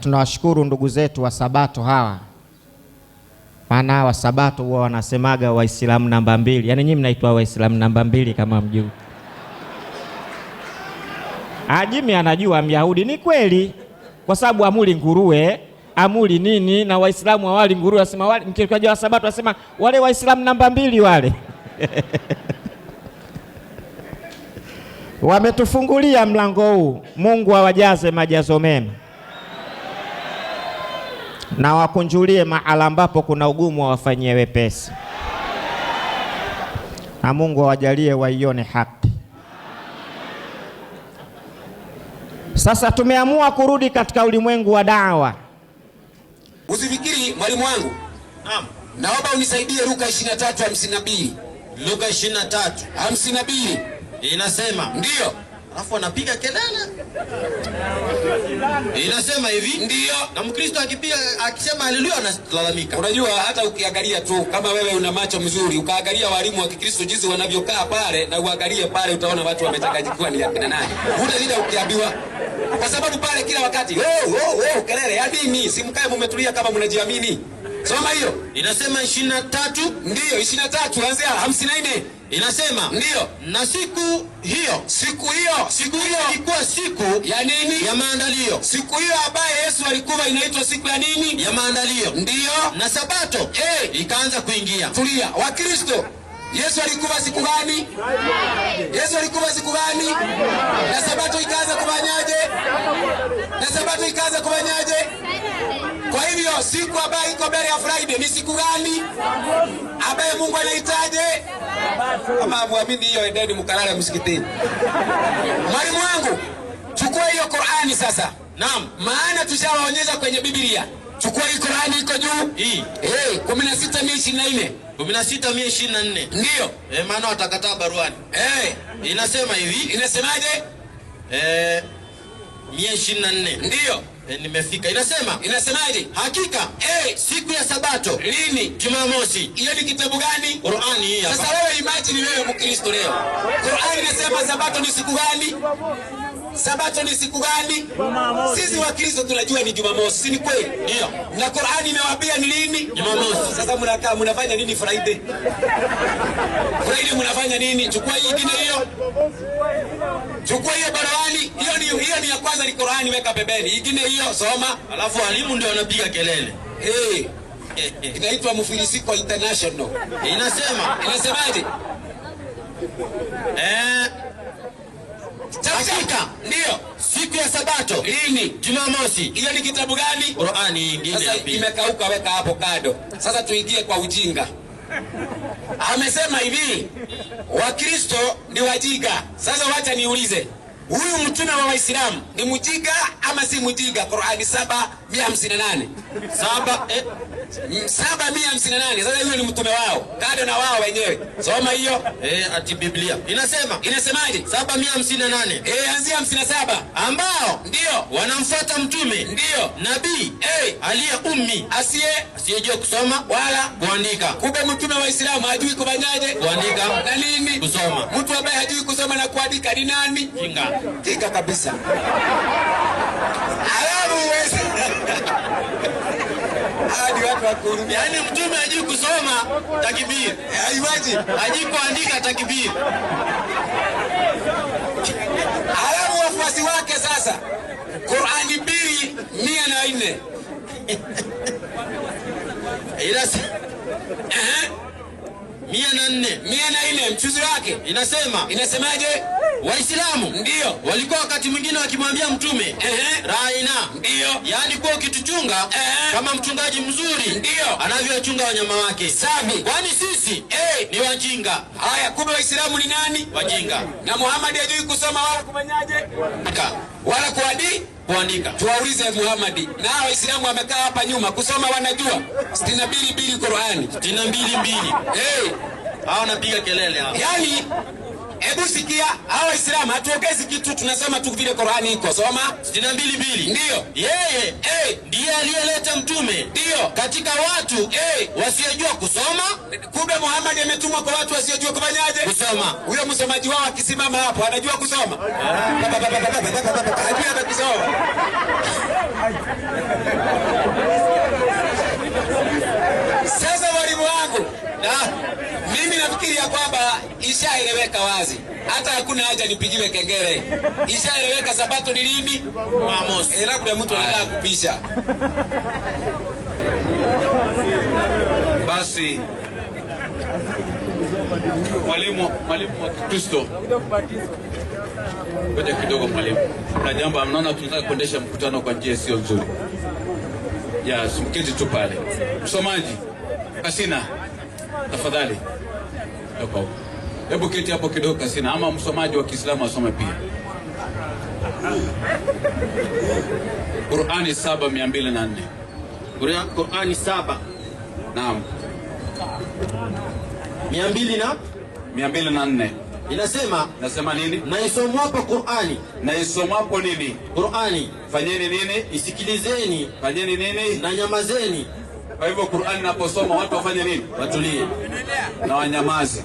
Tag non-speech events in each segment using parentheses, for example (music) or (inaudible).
Tunawashukuru ndugu zetu wa Sabato hawa, maana wa Sabato huwa wanasemaga Waislamu namba mbili, yaani nyinyi mnaitwa Waislamu namba mbili kama mjuu. Ajimi ah, anajua Myahudi, ni kweli, kwa sababu amuli nguruwe amuli nini, na Waislamu awali nguruwe, asema wale mkiaja wa Sabato asema wale Waislamu namba mbili wale (laughs) wametufungulia mlango huu. Mungu awajaze majazo mema na wakunjulie mahala ambapo kuna ugumu wawafanyie wepesi, na Mungu awajalie waione haki. Sasa tumeamua kurudi katika ulimwengu wa dawa. Usifikiri mwalimu wangu, naomba unisaidie Luka 23:52. Luka 23:52 inasema, ndio alafu anapiga kelele inasema hivi ndio, na Mkristo akipiga akisema haleluya analalamika. Unajua, hata ukiangalia tu kama wewe una macho mzuri, ukaangalia walimu wa Kikristo jinsi wanavyokaa pale na uangalie pale, utaona watu wamechanganyikiwa ni akina nani, utashinda ukiambiwa kwa sababu pale kila wakati oh, oh, oh, kelele ya nini? Simkae mumetulia kama mnajiamini. Soma hiyo. Inasema 23 ndio 23 kuanzia 54. Inasema ndio. Na siku hiyo, siku hiyo, siku hiyo ilikuwa siku ya nini? Ya maandalio. Siku hiyo ambayo Yesu alikuwa inaitwa siku ya nini? Ya maandalio. Ndio. Na sabato hey, ikaanza kuingia. Tulia. Wa Kristo. Yesu alikuwa siku gani? Yesu alikuwa siku gani? Na sabato ikaanza kufanyaje? Na sabato ikaanza kufanyaje? Kwa hivyo siku ambayo iko mbele ya Friday ni siku gani ambaye Mungu anahitaji? Kama muamini hiyo, endeni mkalale msikitini. Mwalimu wangu, chukua hiyo Qur'ani sasa. Naam, maana tushawaonyesha kwenye Biblia. Chukua hii Qur'ani iko juu. Hii. Eh, 16 mia 24. 16 mia 24. Ndio. Eh, maana watakataa baruani. Eh, inasema hivi. Inasemaje? Eh, 124. Ndio. E, nimefika. Inasema inasemaje? Hakika e, siku ya Sabato. Lini? Jumamosi. Hiyo ni kitabu gani? Qur'ani hii hapa. Sasa wewe imagine wewe Mkristo leo, Qur'ani inasema Sabato ni siku gani? Sabato ni siku gani? Sisi wa Kristo tunajua ni Jumamosi, si ni kweli? Ndio. Na Qur'ani imewaambia ni lini? Jumamosi. Sasa mnakaa mnafanya nini Friday? Friday mnafanya nini? Chukua hii dini hiyo. Chukua hiyo barawali. hiyo ni hiyo ni ya kwanza ni Qur'ani weka pembeni. Ingine hiyo soma, alafu walimu ndio wanapiga kelele. Eh. Hey. Inaitwa Mufilisiko International. Inasema, inasemaje? Eh. Hakika ndio siku ya Sabato. Lini? Jumamosi. Hiyo ni kitabu gani? Qur'ani nyingine. Sasa imekauka, weka hapo kado. Sasa tuingie kwa ujinga. Amesema hivi, Wakristo ni wajinga. Sasa wacha niulize huyu mtume wa Waislamu ni mujiga ama si mujiga? Qurani saba mia hamsini na nane saba eh, saba mia hamsini na nane Sasa hiyo ni mtume wao kado na wao wenyewe, soma hiyo eh, ati Biblia inasema inasemaje? saba mia hamsini na nane eh, anzia hamsini na saba ambao ndio wanamfuata mtume ndio nabii eh, aliye ummi asiye asiyejua kusoma wala kuandika. Kumbe mtume wa Islamu hajui kufanyaje kuandika na nini kusoma. Mtu ambaye hajui kusoma na kuandika ni nani? Kinga kinga kabisa. Halafu uweze hadi watu wakuhurumia. Yani mtume hajui kusoma takbir, eh, haiwaje, hajui kuandika takbir. Halafu wafuasi wake sasa Qurani mbili mia na nne ila mia na nne mia na nne mchuzi wake inasema inasemaje? Waislamu ndiyo walikuwa wakati mwingine wakimwambia Mtume ehe, raina ndiyo, yaani kuwa ukituchunga ehe, kama mchungaji mzuri ndiyo anavyochunga wanyama wake safi, kwani sisi eh, ni wajinga. Haya, kumbe Waislamu ni nani? Wajinga. Na Muhammad ajui kusoma wala kumanyaje wala kuadii kuandika. Tuwaulize Muhammad na Waislamu wamekaa hapa nyuma kusoma, wanajua 62 mbili Qurani, 62 na mbili mbili. Hey, hao napiga kelele hao, Yaani Hebu sikia, hao Waislamu hatuongezi kitu, tunasema tu vile Qur'ani iko. Soma 62:2. Ndio yeye eh, ndiye aliyeleta mtume ndio katika watu eh, wasiojua kusoma. Kumbe Muhammad ametumwa kwa watu wasiojua kufanyaje? Kusoma. Huyo msomaji wao akisimama hapo anajua kusoma anajua kusoma ya kwamba ishaeleweka wazi, hata hakuna haja nipigiwe kengele, ishaeleweka. Sabato ni lini? Jumamosi. Ila eh, kuna mtu anataka kupisha. Basi mwalimu, mwalimu wa Kristo, ngoja kidogo mwalimu, na jambo mnaona, tunataka kuendesha mkutano kwa njia sio nzuri. Yes, mketi tu pale. Msomaji Kasina, tafadhali kutoka Hebu keti hapo kidogo Kasina, ama msomaji wa Kiislamu asome pia Qurani 7204 Qurani 7 naam 200 na 204 inasema nasema nini? Naisomwapo Qurani, naisomwapo nini? Qurani, fanyeni nini? Isikilizeni. Fanyeni nini? Na nyamazeni kwa hivyo Qur'an naposoma watu wafanye nini? Watulie na wanyamazi.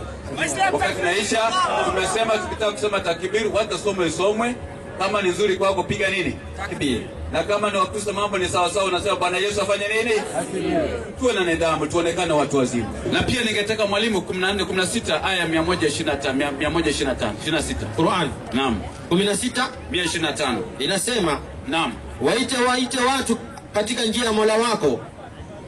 Wakati naisha, tumesema tukitaka kusema takbir, watasomwe isomwe. Kama ni nzuri kwako piga nini? Takbir. Na kama ni Wakristo mambo ni sawa sawa, unasema Bwana Yesu afanye nini? Tuwe na nidhamu, tuonekane watu wazima. Na pia ningetaka Mwalimu 14 16 aya 125 125 26. Qur'an. Naam. 16 125. Inasema, naam, waite waite watu katika njia ya Mola wako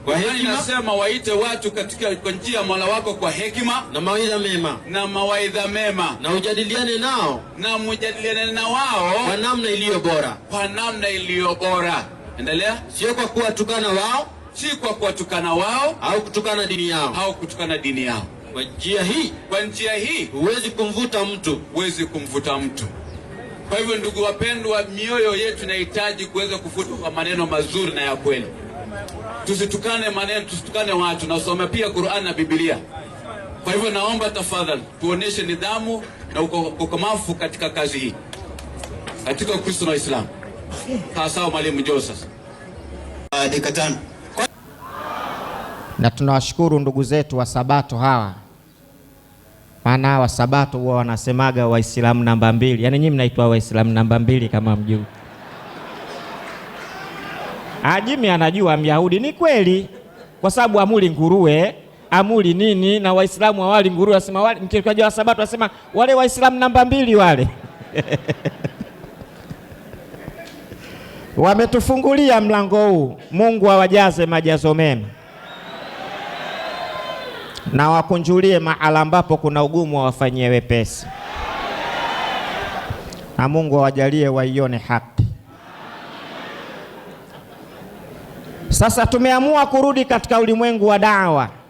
kwa hekima inasema waite watu katika kwa njia ya Mola wako kwa hekima na mawaidha mema na mawaidha mema, na ujadiliane nao na mujadiliane na wao kwa namna iliyo bora, kwa namna iliyo bora. Endelea. Sio kwa kuwatukana wao, si kwa kuwatukana wao au kutukana dini yao, au kutukana dini yao. Kwa njia hii, kwa njia hii huwezi kumvuta mtu, huwezi kumvuta mtu. Kwa hivyo, ndugu wapendwa, mioyo yetu inahitaji kuweza kufutwa kwa maneno mazuri na ya kweli tusitukane maneno, tusitukane watu, nasoma pia Qur'an na Biblia. Kwa hivyo naomba tafadhali tuoneshe nidhamu na ukomavu katika kazi hii katika Ukristo na Uislamu. Sawa, mwalimu Joe. Sasa ah, dakika tano. Na tunawashukuru ndugu zetu wa Sabato hawa, maana wa Sabato huwa wanasemaga Waislamu namba mbili, yaani nyinyi mnaitwa Waislamu namba mbili kama mjuu Ajimi anajua Myahudi ni kweli, kwa sababu amuli nguruwe amuli nini, na Waislamu awali nguruwe, asema wale mkikaja wa Sabato asema wale Waislamu namba mbili wale (laughs) wametufungulia mlango huu. Mungu awajaze wa majazo mema na wakunjulie mahala ambapo kuna ugumu, wawafanyie wepesi na Mungu awajalie waione haki. Sasa tumeamua kurudi katika ulimwengu wa dawa.